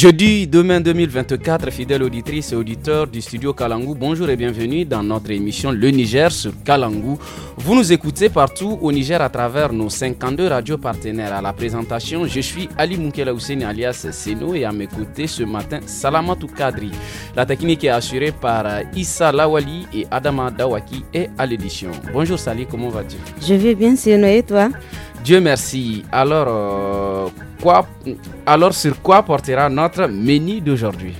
Jeudi demain 2024, fidèles auditrices et auditeurs du studio Kalangou, bonjour et bienvenue dans notre émission Le Niger sur Kalangou. Vous nous écoutez partout au Niger à travers nos 52 radios partenaires. À la présentation, je suis Ali Moukela alias Seno et à mes côtés ce matin, Salamatou Kadri. La technique est assurée par euh, Issa Lawali et Adama Dawaki et à l'édition. Bonjour Sali, comment vas-tu Je vais bien Seno et toi Dieu merci. Alors, euh, alors sur quoi portera notre menu d'aujourd'hui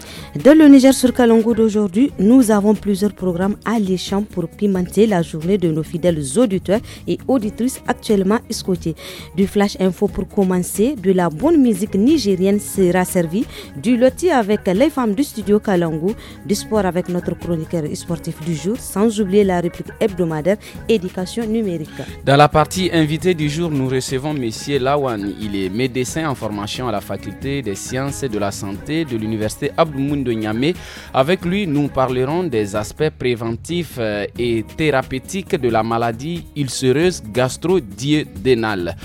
dans le Niger sur Kalongo d'aujourd'hui, nous avons plusieurs programmes alléchants pour pimenter la journée de nos fidèles auditeurs et auditrices actuellement escotés. Du flash info pour commencer, de la bonne musique nigérienne sera servie, du loti avec les femmes du studio Kalongo, du sport avec notre chroniqueur sportif du jour, sans oublier la réplique hebdomadaire éducation numérique. Dans la partie invité du jour, nous recevons Monsieur Lawan. Il est médecin en formation à la faculté des sciences et de la santé de l'université Abdou de Niamey. Avec lui, nous parlerons des aspects préventifs euh, et thérapeutiques de la maladie ulcéreuse gastro diédénale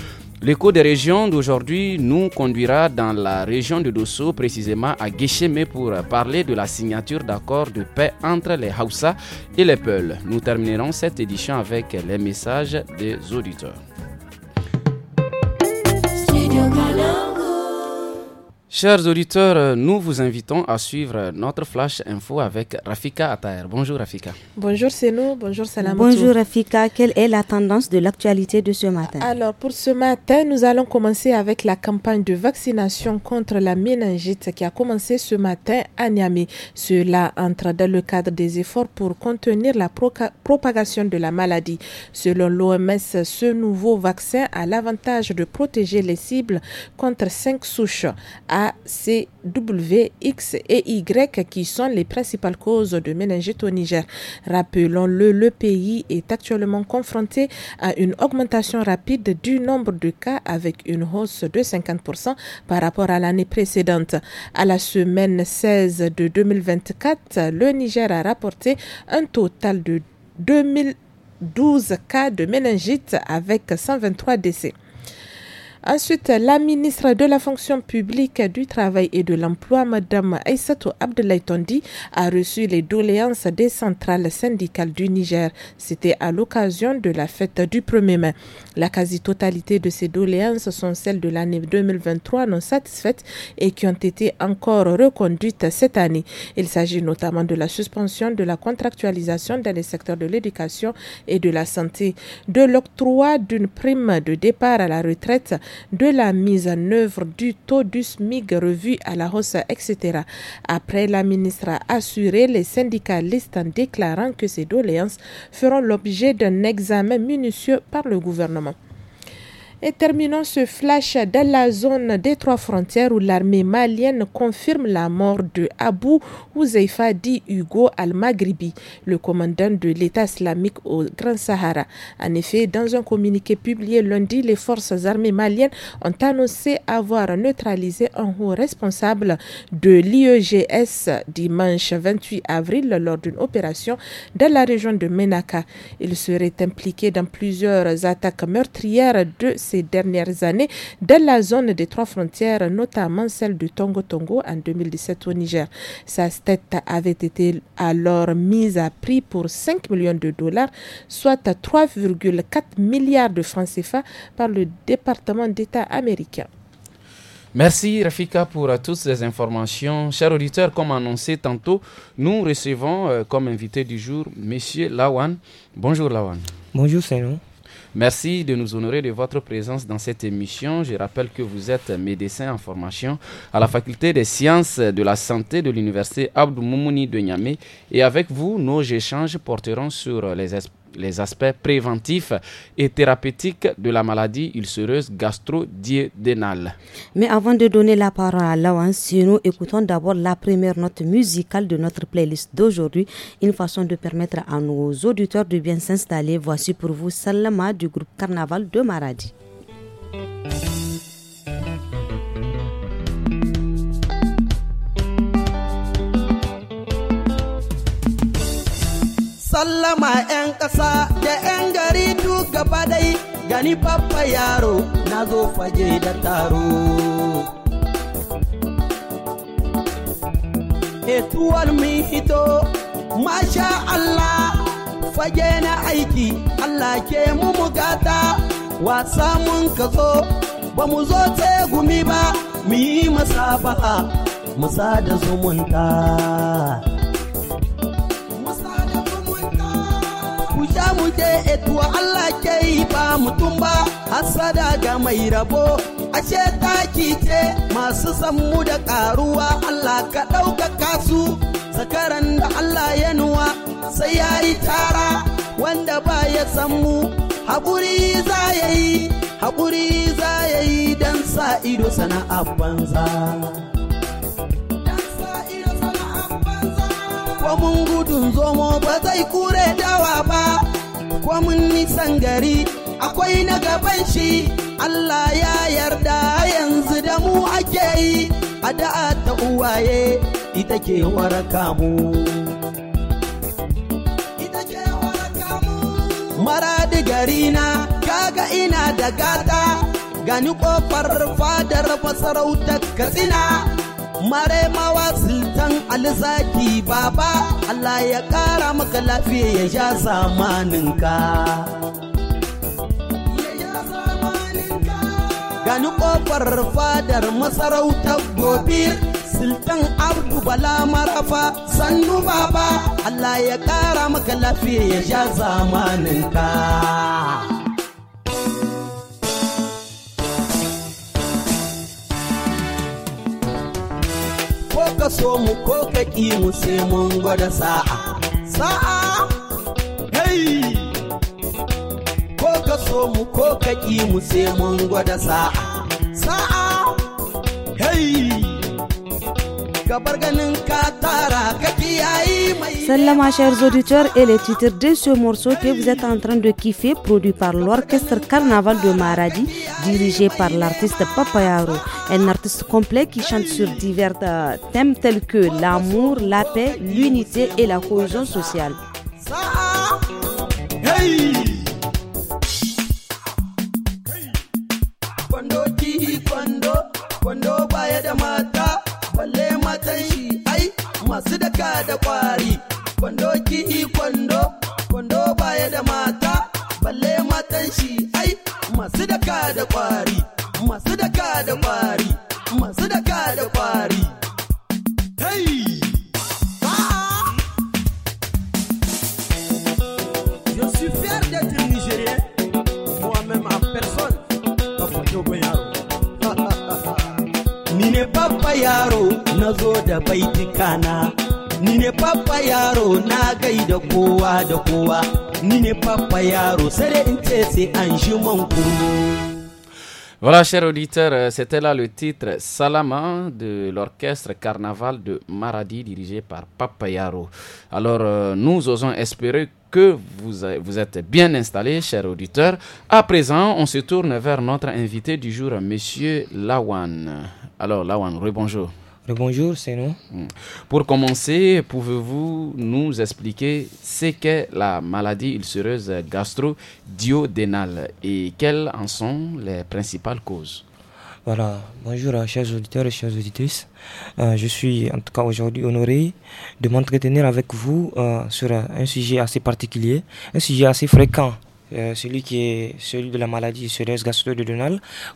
L'écho des régions d'aujourd'hui nous conduira dans la région de Dosso, précisément à Guéchemé, pour parler de la signature d'accord de paix entre les Hausa et les Peuls. Nous terminerons cette édition avec les messages des auditeurs. Chers auditeurs, nous vous invitons à suivre notre flash info avec Rafika Attaher. Bonjour Rafika. Bonjour nous. bonjour Salam. Bonjour Rafika, quelle est la tendance de l'actualité de ce matin Alors pour ce matin, nous allons commencer avec la campagne de vaccination contre la méningite qui a commencé ce matin à Niamey. Cela entre dans le cadre des efforts pour contenir la propagation de la maladie. Selon l'OMS, ce nouveau vaccin a l'avantage de protéger les cibles contre cinq souches. C, W, X et Y qui sont les principales causes de méningite au Niger. Rappelons-le, le pays est actuellement confronté à une augmentation rapide du nombre de cas avec une hausse de 50% par rapport à l'année précédente. À la semaine 16 de 2024, le Niger a rapporté un total de 2012 cas de méningite avec 123 décès. Ensuite, la ministre de la fonction publique, du travail et de l'emploi, Madame Aïssatou Abdoulaye a reçu les doléances des centrales syndicales du Niger. C'était à l'occasion de la fête du 1er mai. La quasi-totalité de ces doléances sont celles de l'année 2023 non satisfaites et qui ont été encore reconduites cette année. Il s'agit notamment de la suspension de la contractualisation dans les secteurs de l'éducation et de la santé, de l'octroi d'une prime de départ à la retraite, de la mise en œuvre du taux du SMIG revu à la hausse, etc. Après, la ministre a assuré les syndicalistes en déclarant que ces doléances feront l'objet d'un examen minutieux par le gouvernement. Et terminons ce flash dans la zone des trois frontières où l'armée malienne confirme la mort de Abu Huzaifa Di Hugo al-Maghribi, le commandant de l'État islamique au Grand Sahara. En effet, dans un communiqué publié lundi, les forces armées maliennes ont annoncé avoir neutralisé un haut responsable de l'IEGS dimanche 28 avril lors d'une opération dans la région de Menaka. Il serait impliqué dans plusieurs attaques meurtrières de ces dernières années dans la zone des trois frontières, notamment celle du Tongo Tongo en 2017 au Niger. Sa tête avait été alors mise à prix pour 5 millions de dollars, soit 3,4 milliards de francs CFA par le département d'État américain. Merci Rafika pour euh, toutes ces informations. Chers auditeurs, comme annoncé tantôt, nous recevons euh, comme invité du jour M. Lawan. Bonjour Lawan. Bonjour c'est Merci de nous honorer de votre présence dans cette émission. Je rappelle que vous êtes médecin en formation à la faculté des sciences de la santé de l'université Abdou Moumouni de Niamey. Et avec vous, nos échanges porteront sur les espaces les aspects préventifs et thérapeutiques de la maladie ulcéreuse gastro-diédénale. Mais avant de donner la parole à Lawan, si nous écoutons d'abord la première note musicale de notre playlist d'aujourd'hui, une façon de permettre à nos auditeurs de bien s'installer. Voici pour vous Salama du groupe Carnaval de Maradi. sallama 'yan ƙasa da 'yan gari duk gaba dai gani babba yaro na zo fage da taro etuwar eh, min hito masha Allah fage na aiki Allah ke mu mugata wasa mun ka zo ba mu zo gumi ba mu yi masa baha musa da zumunta mu muje etuwa eh, Allah ke ba mutum ba hasada ga mai rabo ashe taki ce masu sammu da karuwa Allah ka ɗaukaka su zakaran da Allah ya nuwa sai yayi yi tara wanda ba ya sammu haƙuri za ya yi haƙuri za ya yi don sa ido sana'a banza. komin gudun zomo ba zai kure dawa ba komin nisan gari akwai na gaban shi Allah ya yarda yanzu da mu ake yi a da'a ta uwaye ita ke waraka mu mara da gari na kaga ina da gata gani kofar fadar masarautar katsina mare mawa sultan alzaki baba Allah ya kara maka lafiya ya ja zamaninka gani kofar fadar masarautar gobe sultan abu bala marafa sannu baba Allah ya kara maka lafiya ya ja zamaninka ka so mu ko ka ƙi mu sai mun gwada sa'a sa'a hey ko ka so mu ko ka ƙi mu sai mun gwada sa'a sa'a hey mes chers auditeurs et les titres de ce morceau que vous êtes en train de kiffer produit par l'orchestre Carnaval de Maradi dirigé par l'artiste Papayaro, un artiste complet qui chante sur divers thèmes tels que l'amour, la paix, l'unité et la cohésion sociale. balle matan shi ai masu daka da kwari kwando ki kwando kwando baya da mata balle matan shi ai masu daka da kwari masu daka da kwari masu daka da kwari Voilà, chers auditeurs, euh, c'était là le titre Salaman de l'orchestre Carnaval de Maradi dirigé par Papayaro. Alors, euh, nous osons espérer que vous, vous êtes bien installés, chers auditeurs. À présent, on se tourne vers notre invité du jour, Monsieur Lawan. Alors, Lawan, rebonjour. Rebonjour, c'est nous. Mm. Pour commencer, pouvez-vous nous expliquer ce qu'est la maladie ulcéreuse gastro diodénale et quelles en sont les principales causes voilà, bonjour euh, chers auditeurs et chères auditrices. Euh, je suis en tout cas aujourd'hui honoré de m'entretenir avec vous euh, sur un sujet assez particulier, un sujet assez fréquent euh, celui qui est celui de la maladie sérieuse gastro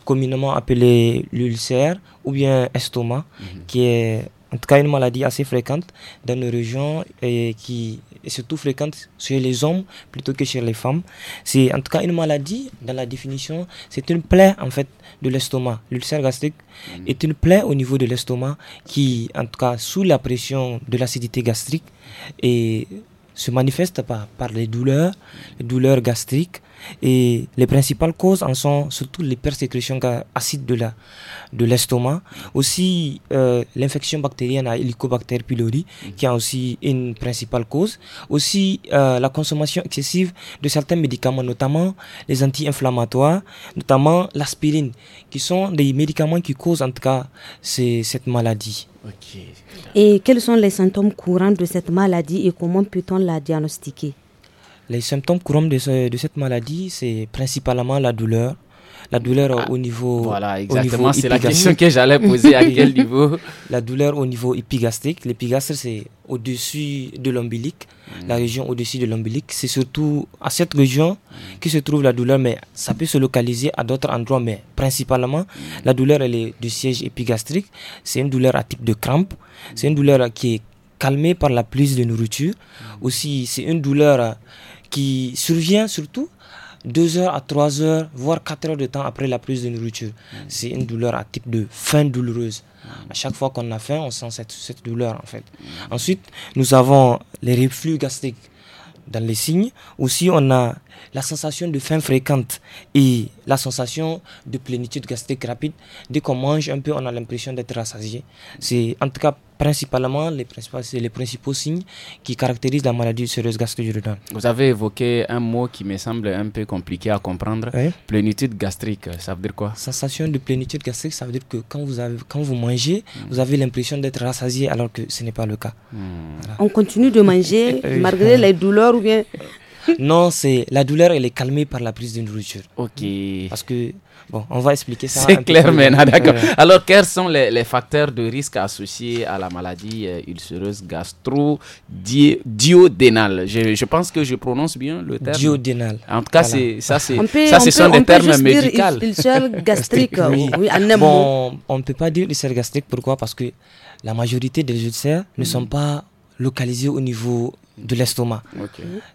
communément appelé l'ulcère ou bien estomac, mhm. qui est en tout cas une maladie assez fréquente dans nos régions et qui est surtout fréquente chez les hommes plutôt que chez les femmes. C'est en tout cas une maladie, dans la définition, c'est une plaie en fait de l'estomac. L'ulcère gastrique mhm. est une plaie au niveau de l'estomac qui, en tout cas, sous la pression de l'acidité gastrique, et se manifeste par, par les douleurs, les douleurs gastriques, et les principales causes en sont surtout les persécutions acides de la de l'estomac, aussi euh, l'infection bactérienne à Helicobacter pylori, qui est aussi une principale cause, aussi euh, la consommation excessive de certains médicaments, notamment les anti-inflammatoires, notamment l'aspirine, qui sont des médicaments qui causent en tout cas cette maladie. Et quels sont les symptômes courants de cette maladie et comment peut-on la diagnostiquer les symptômes courants de, cette maladie, c'est principalement la douleur, la douleur au niveau. Voilà, exactement, c'est la question que j'allais poser à quel niveau La douleur au niveau épigastrique. L'épigastre, c'est au-dessus de l'ombilique, hmm. la région au-dessus de l'ombilique. C'est surtout à cette région hmm. que se trouve la douleur, mais ça peut se localiser à d'autres endroits, mais principalement, hmm. la douleur, elle est du siège épigastrique. C'est une douleur à type de crampe. C'est une douleur qui est calmée par la prise de nourriture. Aussi, c'est une douleur qui survient surtout deux heures à 3 heures, voire 4 heures de temps après la prise de nourriture. Hmm. C'est une douleur à type de faim douloureuse. À chaque fois qu'on a faim, on sent cette, cette douleur en fait. Hmm. Ensuite, nous avons les reflux gastriques dans les signes. Aussi, on a la sensation de faim fréquente et la sensation de plénitude gastrique rapide. Dès qu'on mange un peu, on a l'impression d'être rassasié. C'est en tout cas principalement les principaux, les principaux signes qui caractérisent la maladie sérieuse gastrique du Vous avez évoqué un mot qui me semble un peu compliqué à comprendre, plénitude gastrique, ça veut dire quoi Sensation de plénitude gastrique, ça veut dire que quand vous, avez, quand vous mangez, vous avez l'impression d'être rassasié alors que ce n'est pas le cas. Hmm. On continue de manger malgré les douleurs ou bien non, c'est la douleur, elle est calmée par la prise d'une nourriture. Ok. Parce que, bon, on va expliquer ça. C'est clair maintenant, d'accord. Alors, quels sont les, facteurs de risque associés à la maladie euh, ulcéreuse gastro diodénale je, pense que je prononce bien le terme. Diodénale. En tout cas, c'est ça, c'est ça, ce sont des termes médicaux. Ulcère gastrique, oui. bon, on ne peut pas dire ulcère gastrique, pourquoi Parce que la majorité des ulcères ne sont mm. pas localisés au niveau de l'estomac.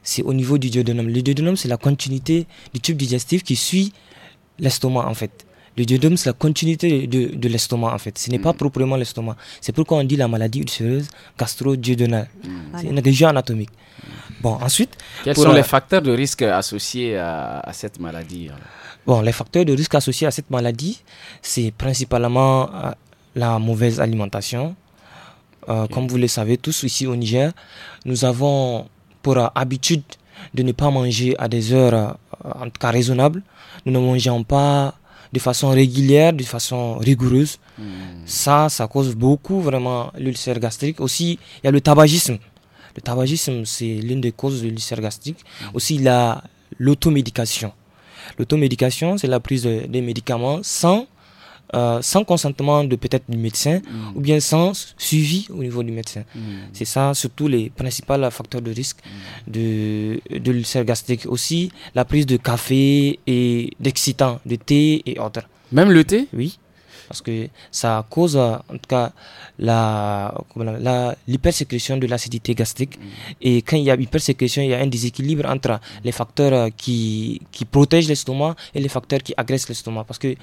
C'est au niveau du duodénum. Le duodénum, c'est la continuité du tube digestif qui suit l'estomac, en fait. Le duodénum, c'est la continuité de, de l'estomac, en fait. Ce n'est pas mm. proprement l'estomac. C'est pourquoi on dit la maladie ulcéreuse gastro-duodénale. Mm. C'est une région anatomique. Mm. Bon, ensuite. Quels sont euh, les facteurs de risque associés à, cette maladie Bon, les facteurs de risque associés à cette maladie, c'est principalement euh, la mauvaise alimentation, euh, comme vous le savez tous ici au Niger, nous avons pour euh, habitude de ne pas manger à des heures euh, en tout cas raisonnables. Nous ne mangeons pas de façon régulière, de façon rigoureuse. Hmm. Ça, ça cause beaucoup vraiment l'ulcère gastrique. Aussi, il y a le tabagisme. Le tabagisme, c'est l'une des causes de l'ulcère gastrique. Hmm. Aussi, il y a l'automédication. L'automédication, c'est la prise des médicaments sans euh, sans consentement de peut-être du médecin mm. ou bien sans suivi au niveau du médecin. Mm. C'est ça, surtout les principaux facteurs de risque mm. de, de l'ulcère gastrique. Aussi, la prise de café et d'excitants, de thé et autres. Même le thé Oui. Parce que ça cause, euh, en tout cas, la, la, de l'acidité gastrique. Et quand il y a hypersécrétion, il y a un déséquilibre entre euh, les facteurs qui, qui protègent l'estomac et les facteurs qui agressent l'estomac. Parce que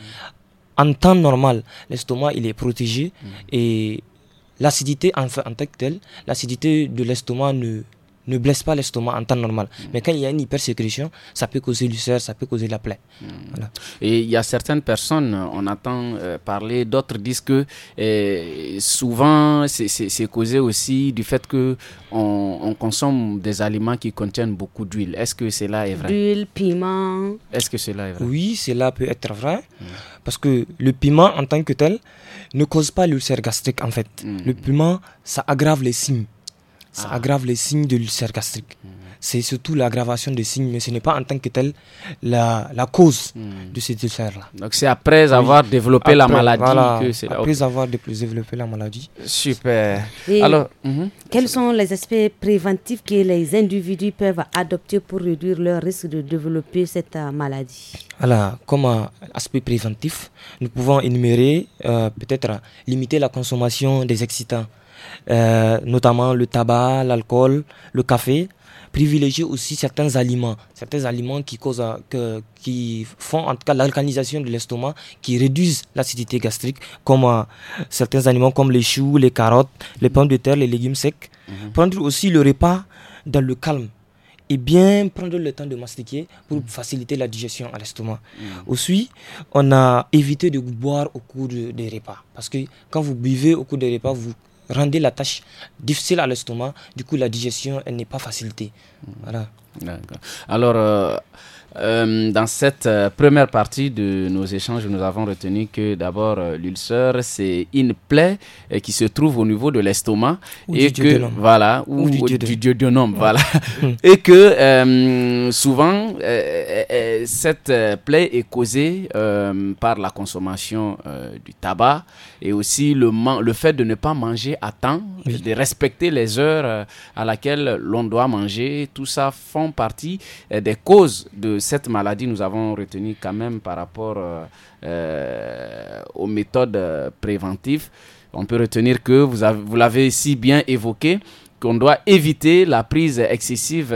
en temps normal, l'estomac il est protégé mm. et l'acidité en, en tant que telle, l'acidité de l'estomac ne ne blesse pas l'estomac en temps normal. Mais quand il y a une hypersécrétion, ça peut causer l'ulcère, ça peut causer la plaie. Et il y a certaines personnes, euh, on entend euh, parler, d'autres disent que euh, souvent c'est causé aussi du fait que on, consomme des aliments qui contiennent beaucoup d'huile. Est-ce que cela est vrai le piment. Est-ce que cela est vrai Oui, cela peut être vrai. Parce que le piment en tant que tel ne cause pas l'ulcère gastrique en fait. Hmm. Le piment, ça aggrave les signes ça aggrave les signes de l'ulcère gastrique. Mm. C'est surtout l'aggravation des signes, mais ce n'est pas en tant que tel la, la cause mm. de cet ulcère-là. Donc c'est après avoir développé la maladie que c'est Après avoir développé la maladie. Super. Alors, mm-hmm. quels sont les aspects préventifs que les individus peuvent adopter pour réduire leur risque de développer cette euh, maladie Alors, comme euh, aspect préventif, nous pouvons énumérer euh, peut-être limiter la consommation des excitants. Euh, notamment le tabac, l'alcool, le café. Privilégier aussi certains aliments, certains aliments qui, causent, qui font en tout cas l'alcanisation de l'estomac, qui réduisent l'acidité gastrique, comme euh, certains aliments comme les choux, les carottes, les pommes de terre, les légumes secs. Mhm. Prendre aussi le repas dans le calme, et bien prendre le temps de mastiquer pour mhm. faciliter la digestion à l'estomac. Mhm. Aussi, on a évité de boire au cours des repas. Parce que quand vous buvez au cours des repas, vous rendait la tâche difficile à l'estomac. Du coup, la digestion, elle n'est pas facilitée. Voilà. Alors, euh, euh, dans cette euh, première partie de nos échanges, nous avons retenu que d'abord l'ulseur l'ulcère, c'est une plaie euh, qui se trouve au niveau de l'estomac et que voilà ou, du, voilà et que souvent cette plaie est causée par la consommation du tabac et aussi le le fait de ne pas manger à temps, de respecter les heures à laquelle l'on doit manger, tout ça font partie des causes de cette maladie, nous avons retenu quand même par rapport euh, euh, aux méthodes euh, préventives, on peut retenir que vous, vous l'avez si bien évoqué, qu'on doit éviter la prise excessive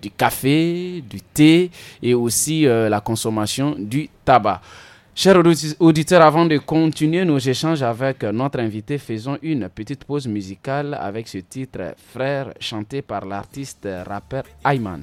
du café, du thé et aussi la consommation du tabac. Chers auditeurs, avant de continuer nos échanges avec notre invité, faisons une petite pause musicale avec ce titre Frère chanté par l'artiste rappeur Ayman.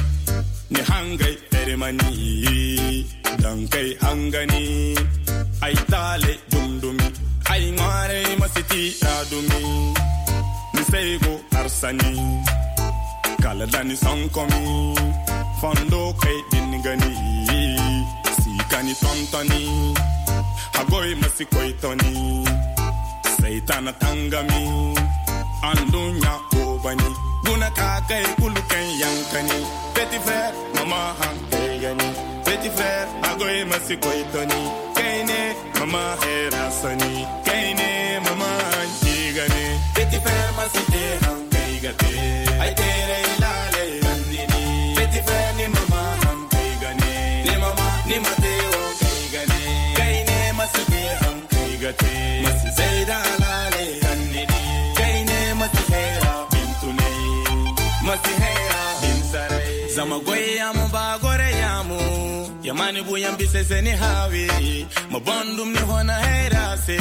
ni hangai ermani dan kai hangani ai tale dumdumi ai ngare masiti adumi ni sego arsani kala dani sankomi fondo kai dingani sikani tontoni hagoi masikoitoni saitana tangami andunya obani guna kakai kulukan yankani Petit frère, maman hanke yani Petit frère, agoye masi koy toni Kaine, maman hera soni Kaine, maman hanke gani Petit frère, masi te hanke gati Ay tere ilale randini Petit frère, ni mama hanke gani Ni mama ni mate hanke gani Kaine, masi te hanke gati Masi zeyda I'm a guayama. Jamani buya mbisese ni hawi mabandum ni hona herase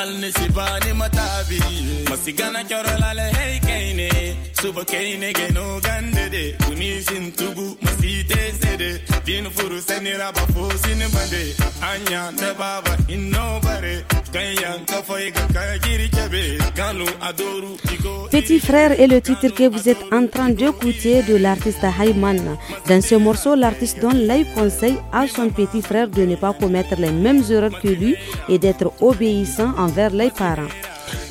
al nisibani matabi masigana kyorolale hey kaine suba kaine geno gandede unisin tugu masite de din furu seni raba sin bande anya ne baba inno bare Petit frère est le titre que vous êtes en train d'écouter de l'artiste Hayman. Dans ce morceau, l'artiste donne live concert à son petit frère de ne pas commettre les mêmes erreurs que lui et d'être obéissant envers les parents.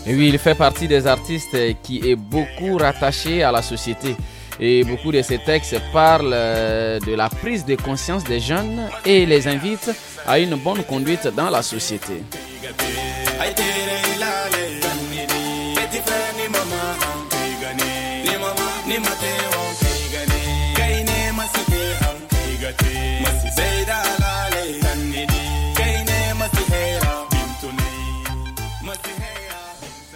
Et oui, il fait partie des artistes qui est beaucoup rattaché à la société. Et beaucoup de ses textes parlent euh, de la prise de conscience des jeunes et les invitent à une bonne conduite dans la société.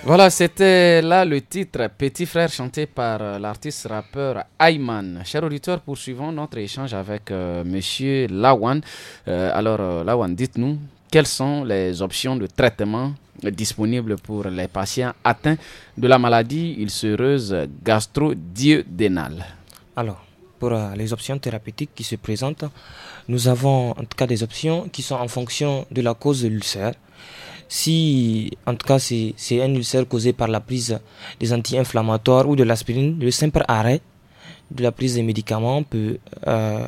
Voilà, c'était là le titre Petit Frère chanté par euh, l'artiste rappeur Ayman. Chers auditeurs, poursuivons notre échange avec M. Euh, Monsieur Lawan. Euh, alors, Lawan, dites-nous quelles sont les options de traitement disponibles pour les patients atteints de la maladie ulcéreuse gastro diodénale Alors, pour les options thérapeutiques qui se présentent, nous avons en tout cas des options qui sont en fonction de la cause de l'ulcère si, en tout cas, c'est un ulcère causé par la prise des anti-inflammatoires ou de l'aspirine, le simple arrêt de la prise des médicaments peut euh,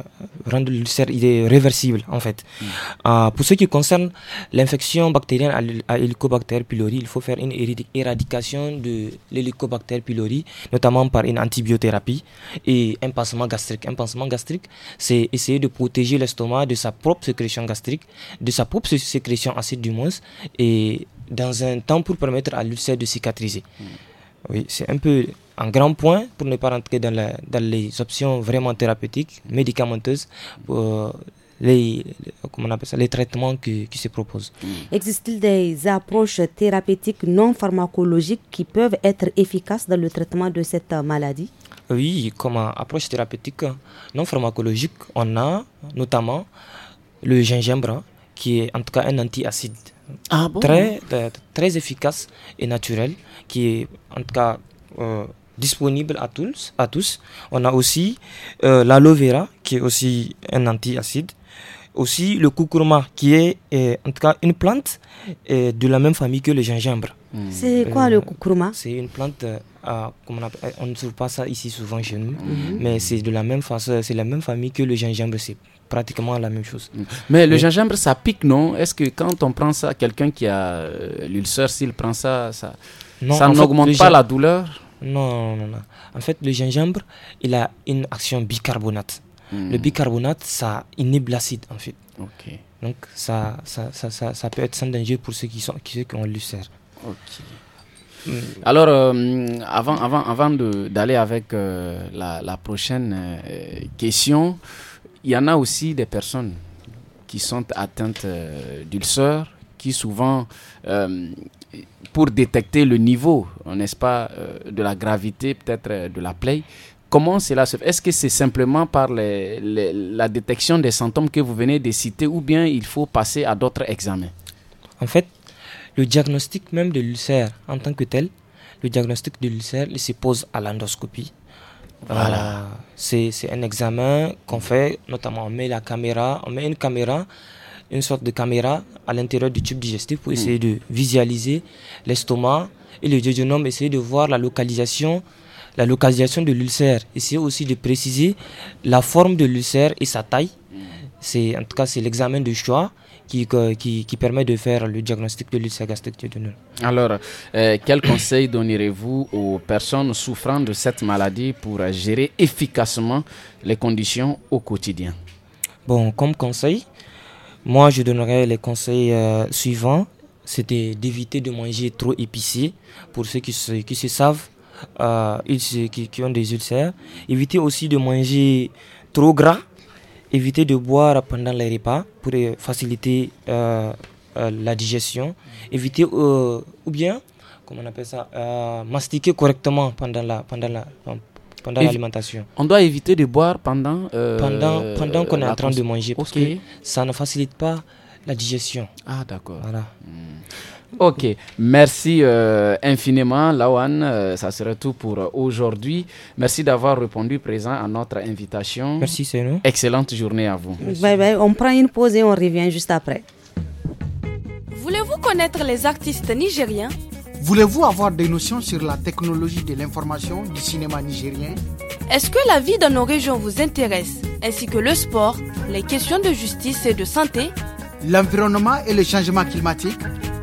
rendre l'ulcère réversible en fait. Mm. Euh, pour ce qui concerne l'infection bactérienne à l'hélicobactère pylori, il faut faire une éradication de l'hélicobactère pylori, notamment par une antibiothérapie et un pansement gastrique. Un pansement gastrique, c'est essayer de protéger l'estomac de sa propre sécrétion gastrique, de sa propre sécrétion acide du moins, et dans un temps pour permettre à l'ulcère de cicatriser. Mm. Oui, c'est un peu un grand point pour ne pas rentrer dans, les options vraiment thérapeutiques, médicamenteuses. Pour, euh, les, comment on appelle ça, les traitements qui, qui se proposent. Mm. Existe-t-il des approches thérapeutiques non pharmacologiques qui peuvent être efficaces dans le traitement de cette maladie Oui, comme approche thérapeutique non pharmacologique, on a notamment le gingembre, qui est en tout cas un antiacide ah très, euh, très efficace et naturel, qui est en tout cas euh, disponible à tous, à tous. On a aussi euh, l'aloe vera, qui est aussi un antiacide. Aussi le kurkuma, qui est, en tout cas une plante de la même famille que le gingembre. Hmm. C'est quoi le kurkuma C'est une plante, on, ne trouve pas ça ici souvent chez nous, hmm. mais c'est de la même façon, c'est la même famille que le gingembre. C'est pratiquement la même chose. Mais le gingembre, ça pique, non Est-ce que quand on prend ça, quelqu'un qui a euh, l'ulcère, s'il prend ça, ça, ça n'augmente pas la douleur non, non, non. En fait, le gingembre, il a une action bicarbonate. Hmm. Le bicarbonate, ça inhibe l'acide, en fait. Ok. Donc, ça ça, ça, ça, peut être sans danger pour ceux qui, sont, qui, ont l'ulcère. Ok. Hmm. Alors, euh, avant, avant, d'aller avec euh, la, prochaine question, il y en a aussi des personnes qui sont atteintes euh, d'ulcère, qui souvent, euh, pour détecter le niveau, n'est-ce pas, euh, de la gravité peut-être de la plaie, comment cela se fait Est-ce que c'est simplement par la détection des symptômes que vous venez de citer ou bien il faut passer à d'autres examens En fait, le diagnostic même de l'ulcère en tant que tel, le diagnostic de l'ulcère se pose à l'endoscopie voilà. C'est un examen qu'on fait, notamment on met la caméra, on met une caméra, une sorte de caméra à l'intérieur du tube digestif pour essayer mm. de visualiser l'estomac et le jejunum, essayer de voir la localisation la localisation de l'ulcère, essayer aussi de préciser la forme de l'ulcère et sa taille. Mm. C'est en tout cas c'est l'examen de choix. Euh, qui, permet de faire le diagnostic de l'ulcère de Alors, euh, quel conseil donnerez-vous aux personnes souffrant de cette maladie pour gérer efficacement les conditions au quotidien Bon, comme conseil, moi je donnerais les conseils euh, suivants. C'était d'éviter de manger trop épicé pour ceux qui se, qui se savent, euh, qui, qui ont des ulcères. Éviter aussi de manger trop gras éviter de boire pendant les repas pour euh, faciliter euh, euh, la digestion, éviter ou bien comment on appelle ça mastiquer correctement pendant la pendant la pendant l'alimentation. On doit éviter de boire pendant pendant pendant qu'on est en train de manger parce que ça ne facilite pas la digestion. Ah d'accord. Voilà. Hmm. Ok, merci euh, infiniment Lawan, euh, ça serait tout pour aujourd'hui. Merci d'avoir répondu présent à notre invitation. Merci nous. Excellente journée à vous. Bye bye. On prend une pause et on revient juste après. Voulez-vous connaître les artistes nigériens Voulez-vous avoir des notions sur la technologie de l'information du cinéma nigérien Est-ce que la vie dans nos régions vous intéresse, ainsi que le sport, les questions de justice et de santé L'environnement et le changement climatique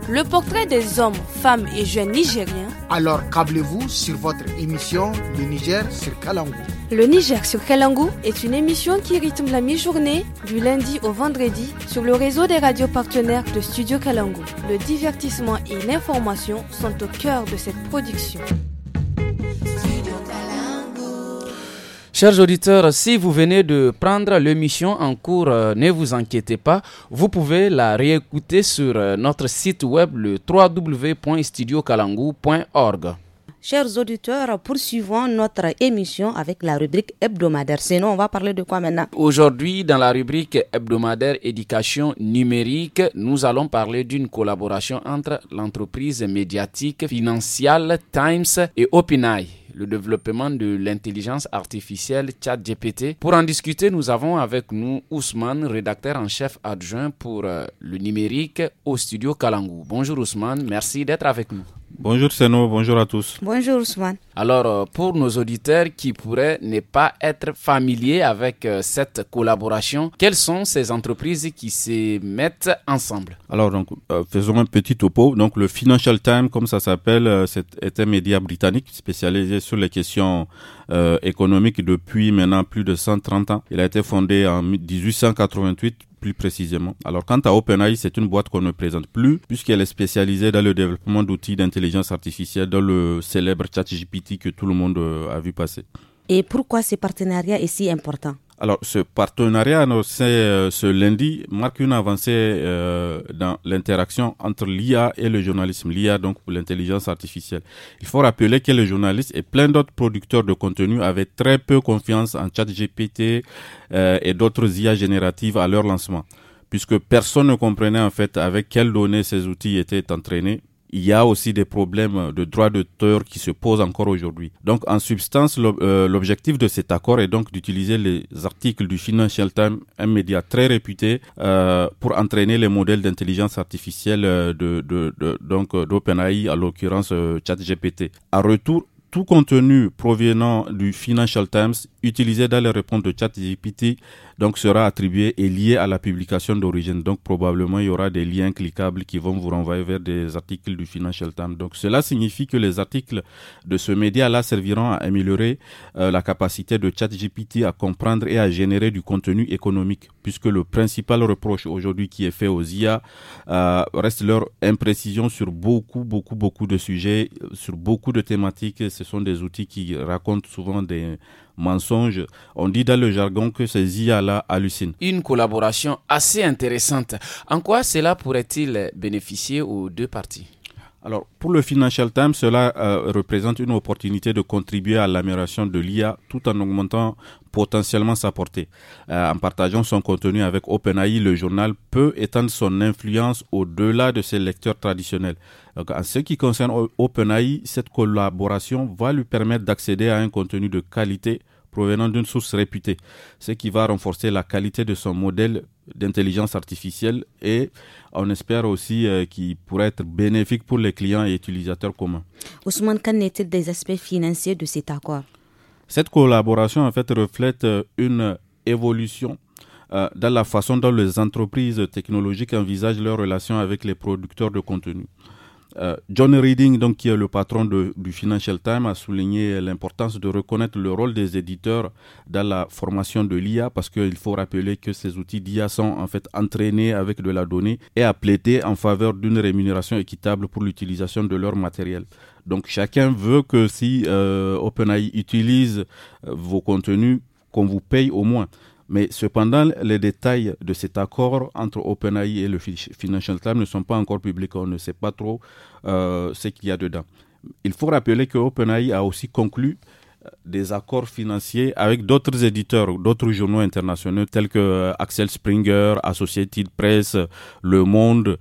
le portrait des hommes, femmes et jeunes nigériens. Alors câblez-vous sur votre émission Le Niger sur Kalangu. Le Niger sur Kalangu est une émission qui rythme la mi-journée du lundi au vendredi sur le réseau des radios partenaires de Studio Kalangu. Le divertissement et l'information sont au cœur de cette production. Chers auditeurs, si vous venez de prendre l'émission en cours, euh, ne vous inquiétez pas, vous pouvez la réécouter sur euh, notre site web le www.studiocalangou.org. Chers auditeurs, poursuivons notre émission avec la rubrique hebdomadaire. Sinon, on va parler de quoi maintenant Aujourd'hui, dans la rubrique hebdomadaire éducation numérique, nous allons parler d'une collaboration entre l'entreprise médiatique financière Times et OpenAI le développement de l'intelligence artificielle ChatGPT. Pour en discuter, nous avons avec nous Ousmane, rédacteur en chef adjoint pour euh, le numérique au studio Kalangu. Bonjour Ousmane, merci d'être avec nous. Bonjour Seno, bonjour à tous. Bonjour Ousmane. Alors, euh, pour nos auditeurs qui pourraient ne pas être familiers avec euh, cette collaboration, quelles sont ces entreprises qui se mettent ensemble Alors, donc, euh, faisons un petit topo. Donc, le Financial Times, comme ça s'appelle, c'est un média britannique spécialisé sur les questions économiques depuis maintenant plus de 130 ans. Il a été fondé en 1888 plus précisément. Alors quant à OpenAI, c'est une boîte qu'on ne présente plus puisqu'elle est spécialisée dans le développement d'outils d'intelligence artificielle dans le célèbre GPT que tout le monde euh, a vu passer. Et pourquoi ce partenariat est si important alors, ce partenariat annoncé euh, ce lundi marque une avancée euh, dans l'interaction entre l'IA et le journalisme. L'IA, donc, pour l'intelligence artificielle. Il faut rappeler que les journalistes et plein d'autres producteurs de contenu avaient très peu confiance en ChatGPT euh, et d'autres IA génératives à leur lancement, puisque personne ne comprenait en fait avec quelles données ces outils étaient entraînés, il y a aussi des problèmes de droits d'auteur qui se posent encore aujourd'hui. Donc en substance, euh, l'objectif de cet accord est donc d'utiliser les articles du Financial Times, un média très réputé, euh, pour entraîner les modèles d'intelligence artificielle euh, de, donc d'OpenAI, à l'occurrence ChatGPT. À retour, tout contenu provenant du Financial Times utilisé dans les réponses de ChatGPT donc sera attribué et lié à la publication d'origine. Donc probablement il y aura des liens cliquables qui vont vous renvoyer vers des articles du Financial Times. Donc cela signifie que les articles de ce média-là serviront à améliorer euh, la capacité de ChatGPT à comprendre et à générer du contenu économique, puisque le principal reproche aujourd'hui qui est fait aux IA euh, reste leur imprécision sur beaucoup, beaucoup, beaucoup de sujets, sur beaucoup de thématiques. Ce sont des outils qui racontent souvent des Mensonge, On dit dans le jargon que ces IA-là hallucinent. Une collaboration assez intéressante. En quoi cela pourrait-il bénéficier aux deux parties alors, pour le Financial Times, cela euh, représente une opportunité de contribuer à l'amélioration de l'IA tout en augmentant potentiellement sa portée. Euh, en partageant son contenu avec OpenAI, le journal peut étendre son influence au-delà de ses lecteurs traditionnels. en ce qui concerne OpenAI, cette collaboration va lui permettre d'accéder à un contenu de qualité provenant d'une source réputée, ce qui va renforcer la qualité de son modèle d'intelligence artificielle et on espère aussi euh, qu'il pourrait être bénéfique pour les clients et utilisateurs communs. Ousmane, qu'en est-il des aspects financiers de cet accord Cette collaboration en fait reflète euh, une évolution euh, dans la façon dont les entreprises technologiques envisagent leurs relations avec les producteurs de contenu. Euh, John Reading, donc, qui est le patron du Financial Times, a souligné l'importance de reconnaître le rôle des éditeurs dans la formation de l'IA parce qu'il faut rappeler que ces outils d'IA sont en fait entraînés avec de la donnée et à en faveur d'une rémunération équitable pour l'utilisation de leur matériel. Donc chacun veut que si euh, OpenAI utilise euh, vos contenus, qu'on vous paye au moins. Mais cependant, les détails de cet accord entre OpenAI et le Financial Times ne sont pas encore publics. On ne sait pas trop euh, ce qu'il y a dedans. Il faut rappeler que OpenAI a aussi conclu euh, des accords financiers avec d'autres éditeurs, d'autres journaux internationaux tels que euh, Axel Springer, Associated Press, Le Monde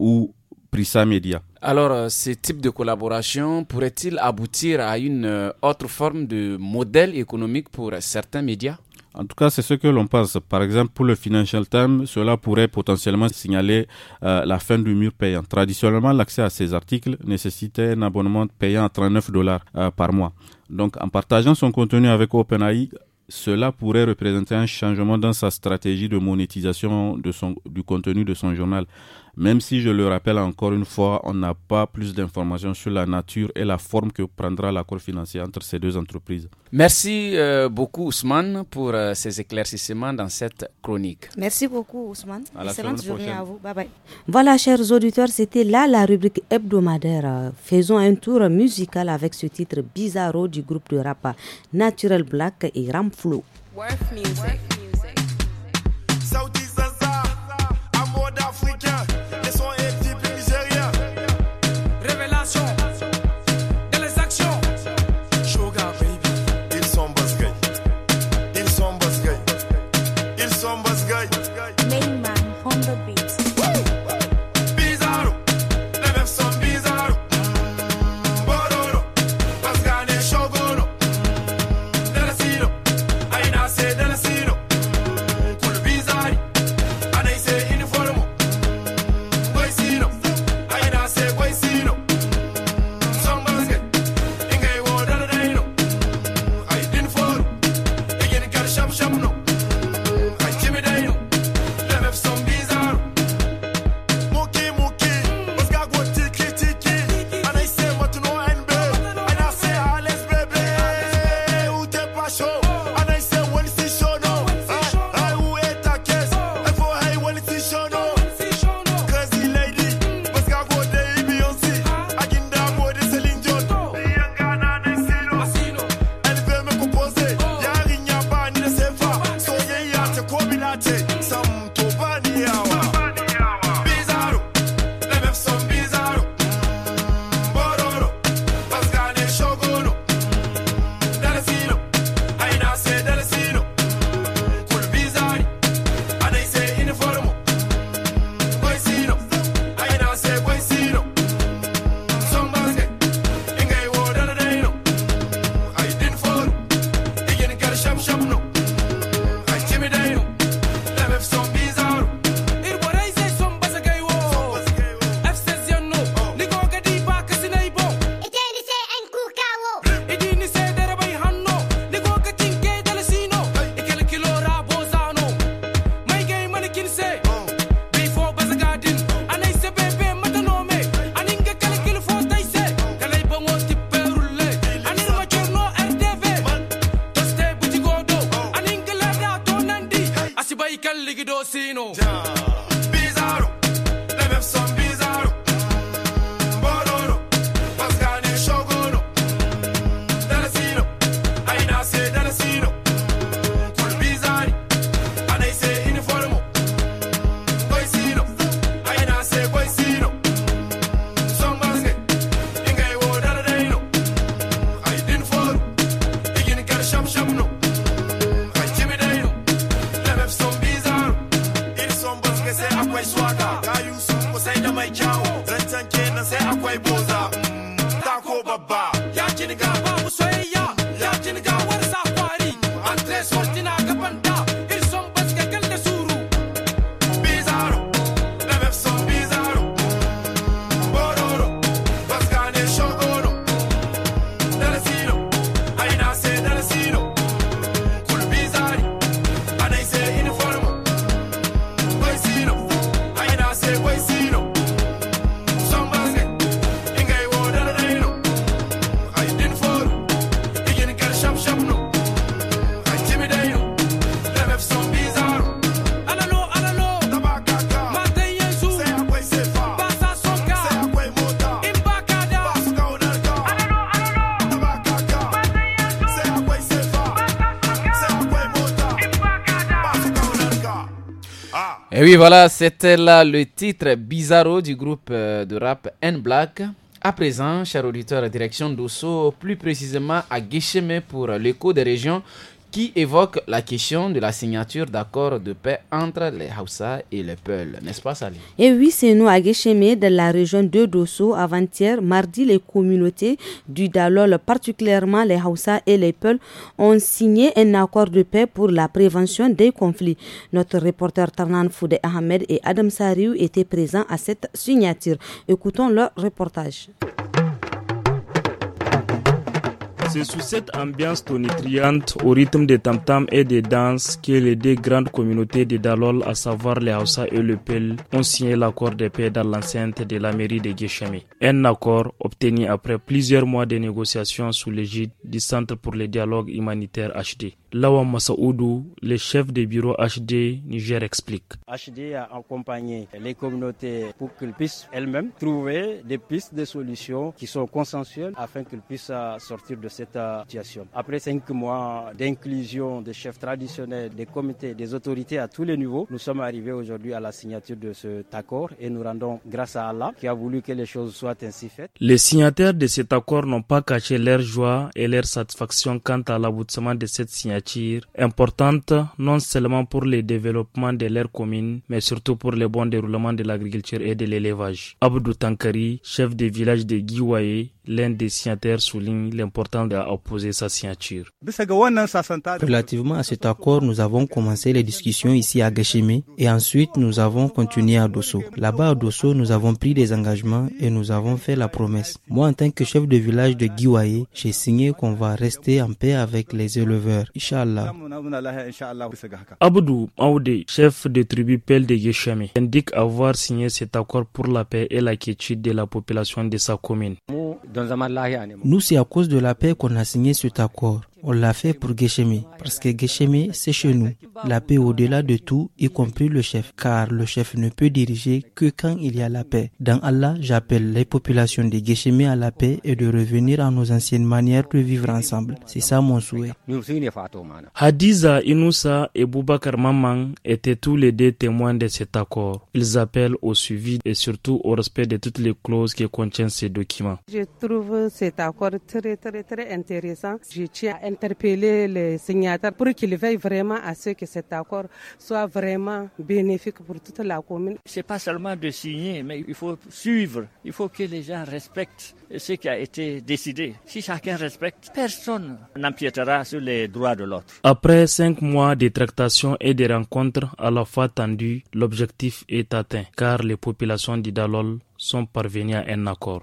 ou Prisa Media. Alors, ces types de collaboration pourrait-il aboutir à une autre forme de modèle économique pour certains médias en tout cas, c'est ce que l'on pense. Par exemple, pour le Financial Times, cela pourrait potentiellement signaler euh, la fin du mur payant. Traditionnellement, l'accès à ces articles nécessitait un abonnement payant à 39 dollars euh, par mois. Donc, en partageant son contenu avec OpenAI, cela pourrait représenter un changement dans sa stratégie de monétisation du contenu de son journal. Même si je le rappelle encore une fois, on n'a pas plus d'informations sur la nature et la forme que prendra l'accord financier entre ces deux entreprises. Merci euh, beaucoup Ousmane pour euh, ces éclaircissements dans cette chronique. Merci beaucoup Ousmane. À Excellente journée à vous. Bye bye. Voilà chers auditeurs, c'était là la rubrique hebdomadaire. Faisons un tour musical avec ce titre bizarro du groupe de rap Natural Black et Ramflow. Worth Et oui, voilà, c'était là le titre Bizarro du groupe euh, de rap N-Black. À présent, chers auditeurs, direction d'Osso, plus précisément à Guichemé pour l'écho des régions, qui évoque la question de la signature d'accord de paix entre les Hausa et les Peuls, n'est-ce pas Sali Et oui, c'est nous à Guéchémé, de la région de Dosso, avant-hier, mardi, les communautés du Dalol, particulièrement les Hausa et les Peuls, ont signé un accord de paix pour la prévention des conflits. Notre reporter Tarnan Foudé Ahmed et Adam Sariou étaient présents à cette signature. Écoutons leur reportage. C'est sous cette ambiance tonitriante, au rythme des tam tam et des danses, que les deux grandes communautés de Dalol, à savoir les Hausa et le Pel, ont signé l'accord de paix dans l'enceinte de la mairie de Guéchemé. Un accord obtenu après plusieurs mois de négociations sous l'égide du Centre pour le Dialogue Humanitaire HD. Lawa Massaoudou, le chef des bureaux HD Niger explique. HD a accompagné les communautés pour qu'elles puissent elles-mêmes trouver des pistes de solutions qui sont consensuelles afin qu'elles puissent euh, sortir de cette euh, situation. Après cinq mois d'inclusion des chefs traditionnels, des comités, des autorités à tous les niveaux, nous sommes arrivés aujourd'hui à la signature de cet accord et nous rendons grâce à Allah qui a voulu que les choses soient ainsi faites. Les signataires de cet accord n'ont pas caché leur joie et leur satisfaction quant à l'aboutissement de cette signature importante non seulement pour le développement de leur commune, mais surtout pour le bon déroulement de l'agriculture et de l'élevage. Abdou Tankari, chef de village de Giwaye, l'un des signataires souligne l'importance d'opposer sa signature. Relativement à cet accord, nous avons commencé les discussions ici à Gachemé et ensuite nous avons continué à Dosso. Là-bas à Dosso, nous avons pris des engagements et nous avons fait la promesse. Moi, en tant que chef de village de Giwaye, j'ai signé qu'on va rester en paix avec les éleveurs. Inch'Allah. Aboudou Aoudé, chef de tribu Pelle de Gachemé, indique avoir signé cet accord pour la paix et la quiétude de la population de sa commune. Nous, c'est à cause de la paix qu'on a signé cet accord. On l'a fait pour Geshemi, parce que Geshemi, c'est chez nous. La paix au-delà de tout, y compris le chef, car le chef ne peut diriger que quand il y a la paix. Dans Allah, j'appelle les populations de Geshemi à la paix et de revenir à nos anciennes manières de vivre ensemble. C'est ça mon souhait. Hadiza Inoussa et Boubacar Maman étaient tous les deux témoins de cet accord. Ils appellent au suivi et surtout au respect de toutes les clauses qui contiennent ces documents. Je trouve cet accord très, très, très intéressant. Je tiens à interpeller les signataires pour qu'ils veillent vraiment à ce que cet accord soit vraiment bénéfique pour toute la commune. C'est pas seulement de signer, mais il faut suivre. Il faut que les gens respectent ce qui a été décidé. Si chacun respecte, personne n'empiétera sur les droits de l'autre. Après cinq mois de tractations et de rencontres à la fois tendues, l'objectif est atteint, car les populations d'Idalol sont parvenues à un accord.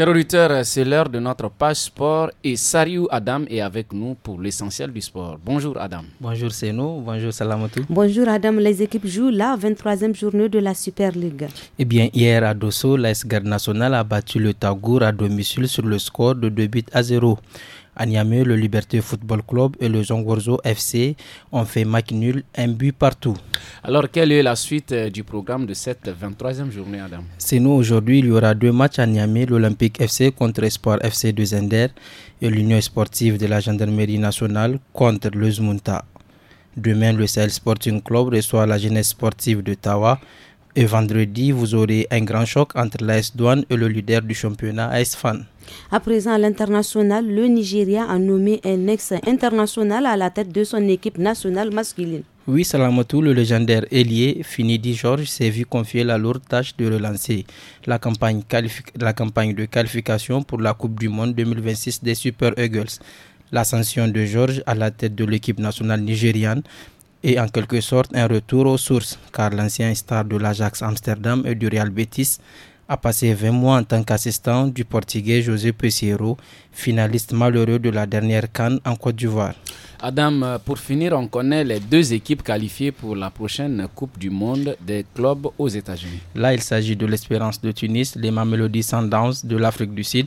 Chers auditeurs, c'est l'heure de notre page sport et Sariou Adam est avec nous pour l'essentiel du sport. Bonjour Adam. Bonjour Seno, bonjour Salamatou. Bonjour Adam, les équipes jouent la 23e journée de la Super League. Eh bien, hier à Dosso, la National nationale a battu le Tagour à domicile sur le score de 2 buts à 0. À Niamey, le Liberté Football Club et le Zongorzo FC ont fait mac nul, un but partout. Alors, quelle est la suite euh, du programme de cette 23e journée, Adam C'est nous aujourd'hui, il y aura deux matchs à Niamey, l'Olympique FC contre Espoir FC de Zender et l'Union sportive de la Gendarmerie nationale contre le Zmunta. Demain, le Sahel Sporting Club reçoit la jeunesse sportive de Tawa. Et vendredi, vous aurez un grand choc entre l'AS Douane et le leader du championnat, AS Fan. À présent, à l'international, le Nigeria a nommé un ex-international à la tête de son équipe nationale masculine. Oui, Salamatu, le légendaire ailier Finidi George s'est vu confier la lourde tâche de relancer la campagne, de qualification pour la Coupe du Monde 2026 des Super Eagles. L'ascension de George à la tête de l'équipe nationale nigériane est en quelque sorte un retour aux sources, car l'ancien star de l'Ajax Amsterdam et du Real Betis a passé 20 mois en tant qu'assistant du Portugais José Peciero, finaliste malheureux de la dernière Cannes en Côte d'Ivoire. Adam, pour finir, on connaît les deux équipes qualifiées pour la prochaine Coupe du Monde des clubs aux États-Unis. Là, il s'agit de l'Espérance de Tunis, les Mamelody Sundowns de l'Afrique du Sud,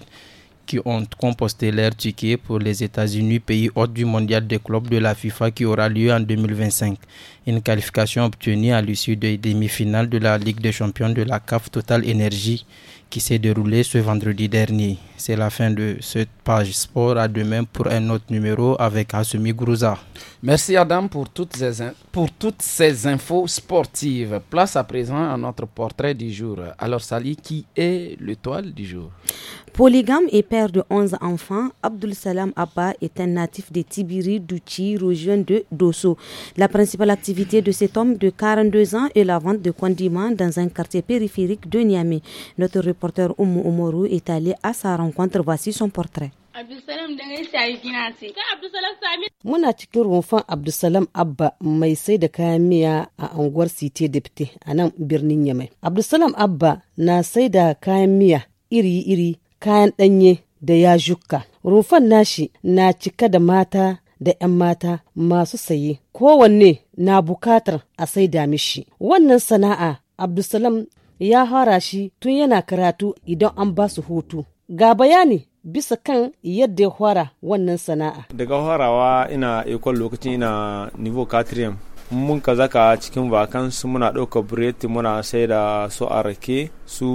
qui ont composté leur ticket pour les États-Unis, pays hôte du mondial des clubs de la FIFA qui aura lieu en 2025. Une qualification obtenue à l'issue des demi-finales de la Ligue des champions de la CAF Total Energy qui s'est déroulée ce vendredi dernier. C'est la fin de cette page sport. À demain pour un autre numéro avec Asumi Gourouza. Merci Adam pour toutes, ces, pour toutes ces infos sportives. Place à présent à notre portrait du jour. Alors Sali, qui est l'étoile du jour Polygame et père de 11 enfants, Abdul Salam Abba est un natif de Tibiri Douchi, région de Dosso. La principale activité de cet homme de 42 ans est la vente de condiments dans un quartier périphérique de Niamey. Notre reporter Oumu Omoru est allé à sa rencontre. rencontre, voici son portrait. Muna cikin rumfan Abdulsalam Abba mai sai da kayan miya a unguwar Site Dipte a nan birnin Yamai. Abdulsalam Abba na sai da kayan miya iri-iri, kayan ɗanye da yajuka. Rumfan nashi na cika da mata da 'yan mata masu saye, kowanne na bukatar a saida mishi. Wannan sana'a Abdulsalam ya hara shi tun yana karatu idan an ba su hutu. Ga bayani bisa kan yadda ya fara wannan sana'a. Daga farawa ina ikon lokacin ina nivo katriyam. Mun ka zaka cikin vakansu muna ɗauka bureti muna sai da su arake, su